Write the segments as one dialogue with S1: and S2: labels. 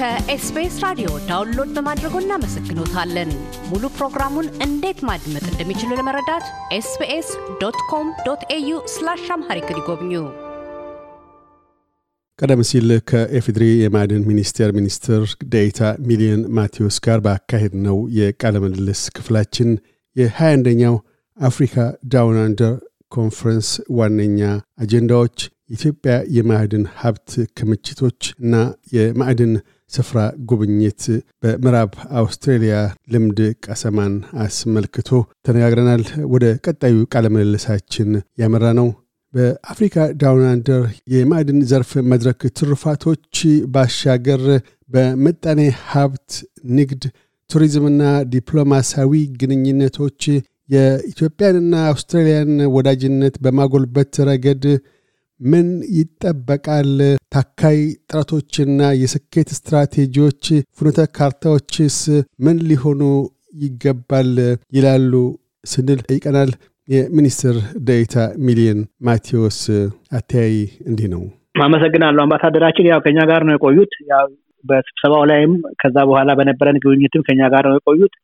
S1: ከኤስቢኤስ ራዲዮ ዳውንሎድ በማድረጎ እናመሰግኖታለን። ሙሉ ፕሮግራሙን እንዴት ማድመጥ እንደሚችሉ ለመረዳት ኤስቢኤስ ዶት ኮም ዶት ኤዩ ስላሽ አምሃሪክ ይጎብኙ።
S2: ቀደም ሲል ከኤፌድሪ የማዕድን ሚኒስቴር ሚኒስትር ዴኤታ ሚሊዮን ማቴዎስ ጋር በአካሄድ ነው የቃለ ምልልስ ክፍላችን የ21ኛው አፍሪካ ዳውን አንደር ኮንፈረንስ ዋነኛ አጀንዳዎች የኢትዮጵያ የማዕድን ሀብት ክምችቶች እና የማዕድን ስፍራ ጉብኝት በምዕራብ አውስትሬሊያ ልምድ ቀሰማን አስመልክቶ ተነጋግረናል። ወደ ቀጣዩ ቃለ ምልልሳችን ያመራ ነው። በአፍሪካ ዳውንንደር የማዕድን ዘርፍ መድረክ ትሩፋቶች ባሻገር በምጣኔ ሀብት፣ ንግድ፣ ቱሪዝምና ዲፕሎማሲያዊ ግንኙነቶች የኢትዮጵያንና አውስትራሊያን ወዳጅነት በማጎልበት ረገድ ምን ይጠበቃል? ታካይ ጥረቶችና የስኬት ስትራቴጂዎች ፍኖተ ካርታዎችስ ምን ሊሆኑ ይገባል ይላሉ ስንል ጠይቀናል። የሚኒስትር ዴኤታ ሚሊየን ማቴዎስ አተያይ እንዲህ ነው።
S1: አመሰግናለሁ። አምባሳደራችን ያው ከኛ ጋር ነው የቆዩት። ያው በስብሰባው ላይም ከዛ በኋላ በነበረን ግብኝትም ከኛ ጋር ነው የቆዩት።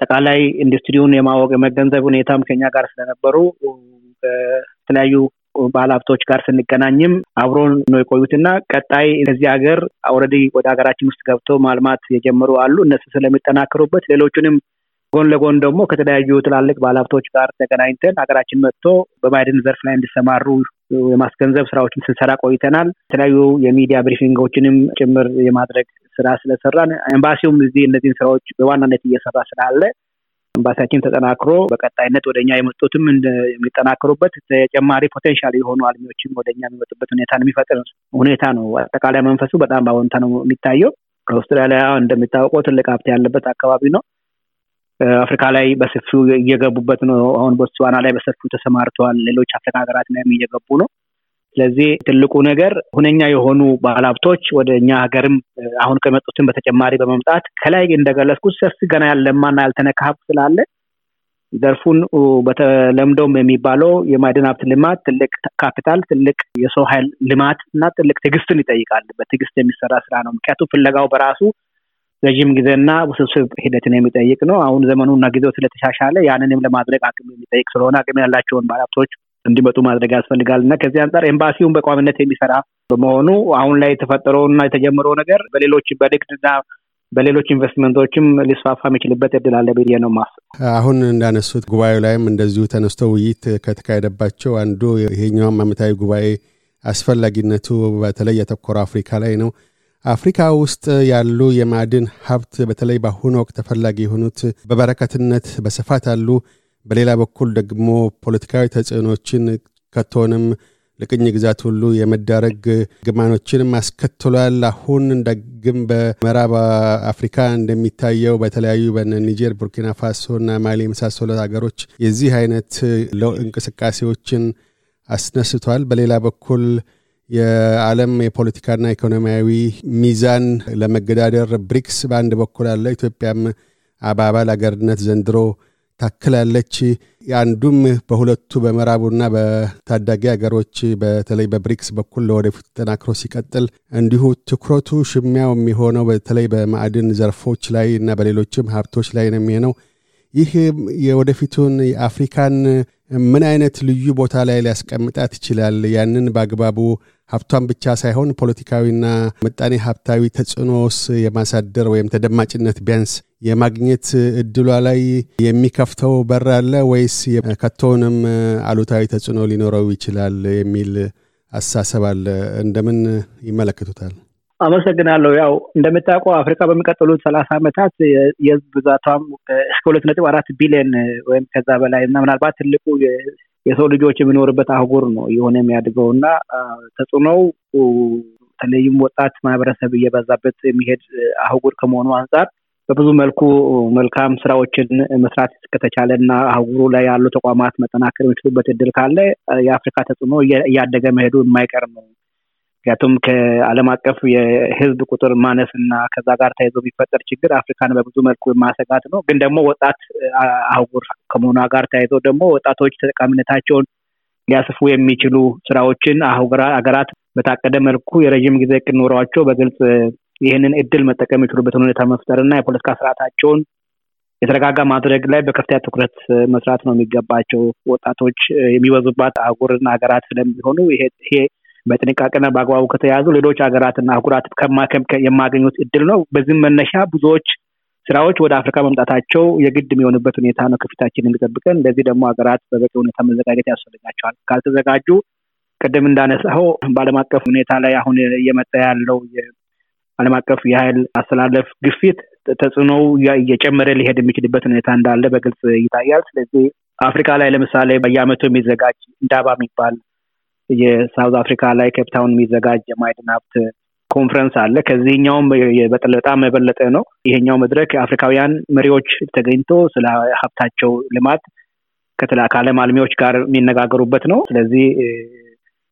S1: አጠቃላይ ኢንዱስትሪውን የማወቅ የመገንዘብ ሁኔታም ከኛ ጋር ስለነበሩ በተለያዩ ባለሀብቶች ጋር ስንገናኝም አብሮን ነው የቆዩትና ቀጣይ ከዚህ ሀገር ኦረዲ ወደ ሀገራችን ውስጥ ገብተው ማልማት የጀመሩ አሉ። እነሱ ስለሚጠናከሩበት ሌሎቹንም ጎን ለጎን ደግሞ ከተለያዩ ትላልቅ ባለሀብቶች ጋር ተገናኝተን ሀገራችን መጥቶ በማዕድን ዘርፍ ላይ እንዲሰማሩ የማስገንዘብ ስራዎችን ስንሰራ ቆይተናል። የተለያዩ የሚዲያ ብሪፊንጎችንም ጭምር የማድረግ ስራ ስለሰራን ኤምባሲውም እዚህ እነዚህን ስራዎች በዋናነት እየሰራ ስላለ ኤምባሲያችን ተጠናክሮ በቀጣይነት ወደኛ የመጡትም የሚጠናክሩበት ተጨማሪ ፖቴንሻል የሆኑ አልሚዎችም ወደኛ የሚመጡበት ሁኔታ የሚፈጥር ሁኔታ ነው። አጠቃላይ መንፈሱ በጣም በአዎንታ ነው የሚታየው። አውስትራሊያ እንደሚታወቀው ትልቅ ሀብት ያለበት አካባቢ ነው። አፍሪካ ላይ በሰፊው እየገቡበት ነው። አሁን ቦትስዋና ላይ በሰፊው ተሰማርተዋል። ሌሎች አፍሪካ ሀገራት ላይም እየገቡ ነው። ስለዚህ ትልቁ ነገር ሁነኛ የሆኑ ባለሀብቶች ወደ እኛ ሀገርም አሁን ከመጡትን በተጨማሪ በመምጣት ከላይ እንደገለጽኩት ሰፊ ገና ያለማና ያልተነካ ሀብት ስላለ ዘርፉን በተለምዶም የሚባለው የማይድን ሀብት ልማት ትልቅ ካፒታል፣ ትልቅ የሰው ኃይል ልማት እና ትልቅ ትዕግስትን ይጠይቃል። በትግስት የሚሰራ ስራ ነው። ምክንያቱም ፍለጋው በራሱ ረዥም ጊዜና ውስብስብ ሂደትን የሚጠይቅ ነው። አሁን ዘመኑና ጊዜው ስለተሻሻለ ያንንም ለማድረግ አቅም የሚጠይቅ ስለሆነ አቅም ያላቸውን ባለሀብቶች እንዲመጡ ማድረግ ያስፈልጋል እና ከዚህ አንጻር ኤምባሲውን በቋሚነት የሚሰራ በመሆኑ አሁን ላይ የተፈጠረውና የተጀመረው ነገር በሌሎች በንግድና በሌሎች ኢንቨስትመንቶችም ሊስፋፋ የሚችልበት እድል አለ ብዬ ነው ማስ
S2: አሁን እንዳነሱት ጉባኤው ላይም እንደዚሁ ተነስቶ ውይይት ከተካሄደባቸው አንዱ ይሄኛውም ዓመታዊ ጉባኤ አስፈላጊነቱ በተለይ የተኮረ አፍሪካ ላይ ነው። አፍሪካ ውስጥ ያሉ የማዕድን ሀብት በተለይ በአሁኑ ወቅት ተፈላጊ የሆኑት በበረከትነት በስፋት አሉ። በሌላ በኩል ደግሞ ፖለቲካዊ ተጽዕኖችን ከቶንም ለቅኝ ግዛት ሁሉ የመዳረግ ግማኖችንም አስከትሏል። አሁን እንደግም በምዕራብ አፍሪካ እንደሚታየው በተለያዩ በኒጀር፣ ቡርኪና ፋሶ እና ማሊ የመሳሰሉት ሀገሮች የዚህ አይነት እንቅስቃሴዎችን አስነስቷል። በሌላ በኩል የዓለም የፖለቲካና ኢኮኖሚያዊ ሚዛን ለመገዳደር ብሪክስ በአንድ በኩል አለ። ኢትዮጵያም በአባል አገርነት ዘንድሮ ታክላለች። አንዱም በሁለቱ በምዕራቡና በታዳጊ ሀገሮች በተለይ በብሪክስ በኩል ለወደፊት ተጠናክሮ ሲቀጥል፣ እንዲሁ ትኩረቱ ሽሚያው የሚሆነው በተለይ በማዕድን ዘርፎች ላይ እና በሌሎችም ሀብቶች ላይ ነው የሚሆነው። ይህ የወደፊቱን የአፍሪካን ምን አይነት ልዩ ቦታ ላይ ሊያስቀምጣት ይችላል? ያንን በአግባቡ ሀብቷን ብቻ ሳይሆን ፖለቲካዊና ምጣኔ ሀብታዊ ተጽዕኖስ የማሳደር ወይም ተደማጭነት ቢያንስ የማግኘት እድሏ ላይ የሚከፍተው በር አለ ወይስ ከቶውንም አሉታዊ ተጽዕኖ ሊኖረው ይችላል የሚል አሳሰብ አለ። እንደምን ይመለከቱታል?
S1: አመሰግናለሁ። ያው እንደምታውቀው አፍሪካ በሚቀጥሉት ሰላሳ ዓመታት የህዝብ ብዛቷም እስከ ሁለት ነጥብ አራት ቢሊዮን ወይም ከዛ በላይ እና ምናልባት ትልቁ የሰው ልጆች የሚኖርበት አህጉር ነው የሆነ የሚያድገው እና ተጽዕኖው በተለይም ወጣት ማህበረሰብ እየበዛበት የሚሄድ አህጉር ከመሆኑ አንጻር በብዙ መልኩ መልካም ስራዎችን መስራት ከተቻለ እና አህጉሩ ላይ ያሉ ተቋማት መጠናከር የሚችሉበት እድል ካለ የአፍሪካ ተጽዕኖ እያደገ መሄዱ የማይቀር ነው። ምክንያቱም ከአለም አቀፍ የህዝብ ቁጥር ማነስ እና ከዛ ጋር ተይዞ የሚፈጠር ችግር አፍሪካን በብዙ መልኩ የማሰጋት ነው። ግን ደግሞ ወጣት አህጉር ከመሆኗ ጋር ተያይዞ ደግሞ ወጣቶች ተጠቃሚነታቸውን ሊያስፉ የሚችሉ ስራዎችን ሀገራት በታቀደ መልኩ የረዥም ጊዜ ቅኖሯቸው በግልጽ ይህንን እድል መጠቀም የሚችሉበትን ሁኔታ መፍጠር እና የፖለቲካ ስርዓታቸውን የተረጋጋ ማድረግ ላይ በከፍተኛ ትኩረት መስራት ነው የሚገባቸው። ወጣቶች የሚበዙባት አህጉርና ሀገራት ስለሚሆኑ ይሄ በጥንቃቄና በአግባቡ ከተያዙ ሌሎች ሀገራትና አህጉራት የማገኙት እድል ነው። በዚህም መነሻ ብዙዎች ስራዎች ወደ አፍሪካ መምጣታቸው የግድ የሚሆንበት ሁኔታ ነው ከፊታችን የሚጠብቀን። እንደዚህ ደግሞ ሀገራት በበቂ ሁኔታ መዘጋጀት ያስፈልጋቸዋል። ካልተዘጋጁ ቅድም እንዳነሳው በአለም አቀፍ ሁኔታ ላይ አሁን እየመጣ ያለው አለም አቀፍ የኃይል አስተላለፍ ግፊት ተጽዕኖው እየጨመረ ሊሄድ የሚችልበት ሁኔታ እንዳለ በግልጽ ይታያል። ስለዚህ አፍሪካ ላይ ለምሳሌ በየአመቱ የሚዘጋጅ እንዳባ የሚባል የሳውዝ አፍሪካ ላይ ኬፕታውን የሚዘጋጅ የማዕድን ሀብት ኮንፈረንስ አለ። ከዚህኛውም በጣም የበለጠ ነው። ይሄኛው መድረክ አፍሪካውያን መሪዎች ተገኝቶ ስለ ሀብታቸው ልማት ከዓለም አልሚዎች ጋር የሚነጋገሩበት ነው። ስለዚህ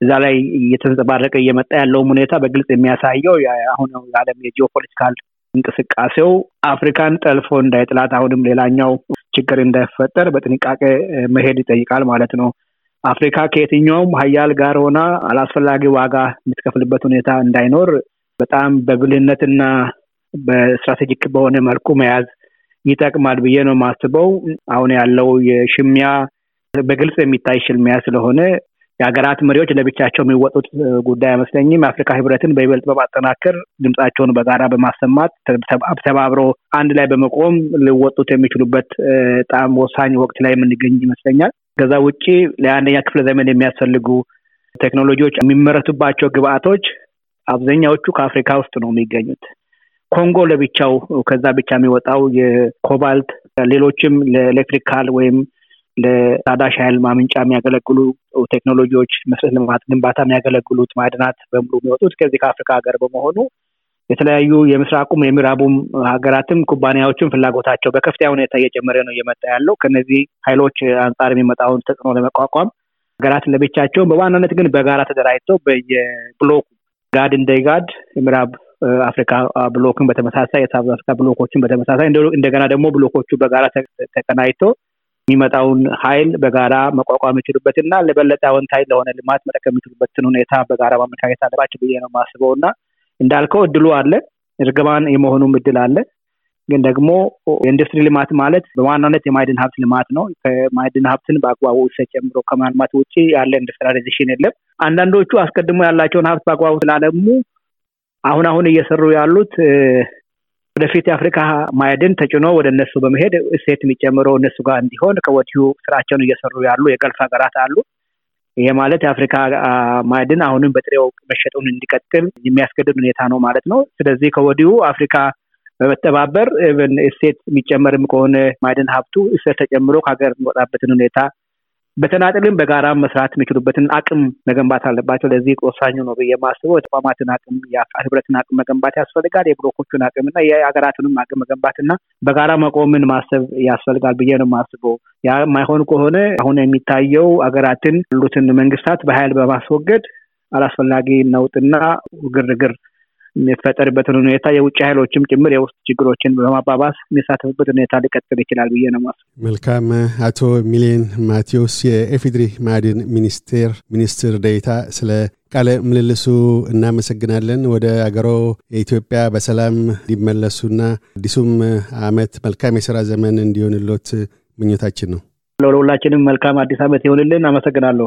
S1: እዛ ላይ እየተንጸባረቀ እየመጣ ያለውም ሁኔታ በግልጽ የሚያሳየው አሁን የዓለም የጂኦፖለቲካል እንቅስቃሴው አፍሪካን ጠልፎ እንዳይጥላት አሁንም ሌላኛው ችግር እንዳይፈጠር በጥንቃቄ መሄድ ይጠይቃል ማለት ነው። አፍሪካ ከየትኛውም ሀያል ጋር ሆና አላስፈላጊ ዋጋ የምትከፍልበት ሁኔታ እንዳይኖር በጣም በብልህነትና በስትራቴጂክ በሆነ መልኩ መያዝ ይጠቅማል ብዬ ነው የማስበው። አሁን ያለው የሽሚያ በግልጽ የሚታይ ሽልሚያ ስለሆነ የሀገራት መሪዎች ለብቻቸው የሚወጡት ጉዳይ አይመስለኝም። የአፍሪካ ህብረትን በይበልጥ በማጠናከር ድምጻቸውን በጋራ በማሰማት ተባብሮ አንድ ላይ በመቆም ሊወጡት የሚችሉበት በጣም ወሳኝ ወቅት ላይ የምንገኝ ይመስለኛል። ከዛ ውጭ ለአንደኛ ክፍለ ዘመን የሚያስፈልጉ ቴክኖሎጂዎች የሚመረቱባቸው ግብአቶች አብዛኛዎቹ ከአፍሪካ ውስጥ ነው የሚገኙት። ኮንጎ ለብቻው ከዛ ብቻ የሚወጣው የኮባልት ሌሎችም ለኤሌክትሪካል ወይም ለታዳሽ ኃይል ማምንጫ የሚያገለግሉ ቴክኖሎጂዎች መሰረተ ልማት ግንባታ የሚያገለግሉት ማድናት በሙሉ የሚወጡት ከዚህ ከአፍሪካ ሀገር በመሆኑ የተለያዩ የምስራቁም የምዕራቡም ሀገራትም ኩባንያዎችም ፍላጎታቸው በከፍተኛ ሁኔታ እየጨመረ ነው እየመጣ ያለው። ከነዚህ ኃይሎች አንጻር የሚመጣውን ተጽዕኖ ለመቋቋም ሀገራት ለብቻቸው፣ በዋናነት ግን በጋራ ተደራጅተው በየብሎኩ ጋድ እንደ ጋድ የምዕራብ አፍሪካ ብሎክን በተመሳሳይ የሳውዝ አፍሪካ ብሎኮችን በተመሳሳይ እንደገና ደግሞ ብሎኮቹ በጋራ ተቀናጅቶ የሚመጣውን ኃይል በጋራ መቋቋም የሚችሉበት እና ለበለጠ አወንታይ ለሆነ ልማት መጠቀም የሚችሉበትን ሁኔታ በጋራ ማመቻቸት አለባቸው ብዬ ነው ማስበው እና እንዳልከው እድሉ አለ፣ እርግባን የመሆኑም እድል አለ። ግን ደግሞ የኢንዱስትሪ ልማት ማለት በዋናነት የማይድን ሀብት ልማት ነው። ከማይድን ሀብትን በአግባቡ እሴት ጨምሮ ከማልማት ውጭ ያለ ኢንዱስትሪላይዜሽን የለም። አንዳንዶቹ አስቀድሞ ያላቸውን ሀብት በአግባቡ ስላለሙ አሁን አሁን እየሰሩ ያሉት ወደፊት የአፍሪካ ማይድን ተጭኖ ወደ እነሱ በመሄድ እሴት የሚጨምረው እነሱ ጋር እንዲሆን ከወዲሁ ስራቸውን እየሰሩ ያሉ የገልፍ ሀገራት አሉ። ይሄ ማለት የአፍሪካ ማዕድን አሁንም በጥሬው መሸጡን እንዲቀጥል የሚያስገድድ ሁኔታ ነው ማለት ነው። ስለዚህ ከወዲሁ አፍሪካ በመተባበር እሴት የሚጨመርም ከሆነ ማዕድን ሀብቱ እሴት ተጨምሮ ከሀገር የሚወጣበትን ሁኔታ በተናጥልም በጋራ መስራት የሚችሉበትን አቅም መገንባት አለባቸው። ለዚህ ቆሳኙ ነው ብዬ ማስበው የተቋማትን አቅም፣ ህብረትን አቅም መገንባት ያስፈልጋል። የብሎኮቹን አቅምና የሀገራትንም አቅም መገንባትና በጋራ መቆምን ማሰብ ያስፈልጋል ብዬ ነው የማስበው። ያ ማይሆን ከሆነ አሁን የሚታየው ሀገራትን ያሉትን መንግስታት በሀይል በማስወገድ አላስፈላጊ ነውጥና ግርግር የሚፈጠርበትን ሁኔታ የውጭ ኃይሎችም ጭምር የውስጥ ችግሮችን በማባባስ የሚሳተፍበት ሁኔታ ሊቀጥል ይችላል ብዬ ነው ማስ
S2: መልካም። አቶ ሚሊየን ማቴዎስ የኢፌዴሪ ማዕድን ሚኒስቴር ሚኒስትር ደይታ ስለ ቃለ ምልልሱ እናመሰግናለን። ወደ አገሮ የኢትዮጵያ በሰላም እንዲመለሱና አዲሱም አመት መልካም የስራ ዘመን እንዲሆንሎት ምኞታችን ነው።
S1: ለሁላችንም መልካም አዲስ አመት ይሆንልን። አመሰግናለሁ።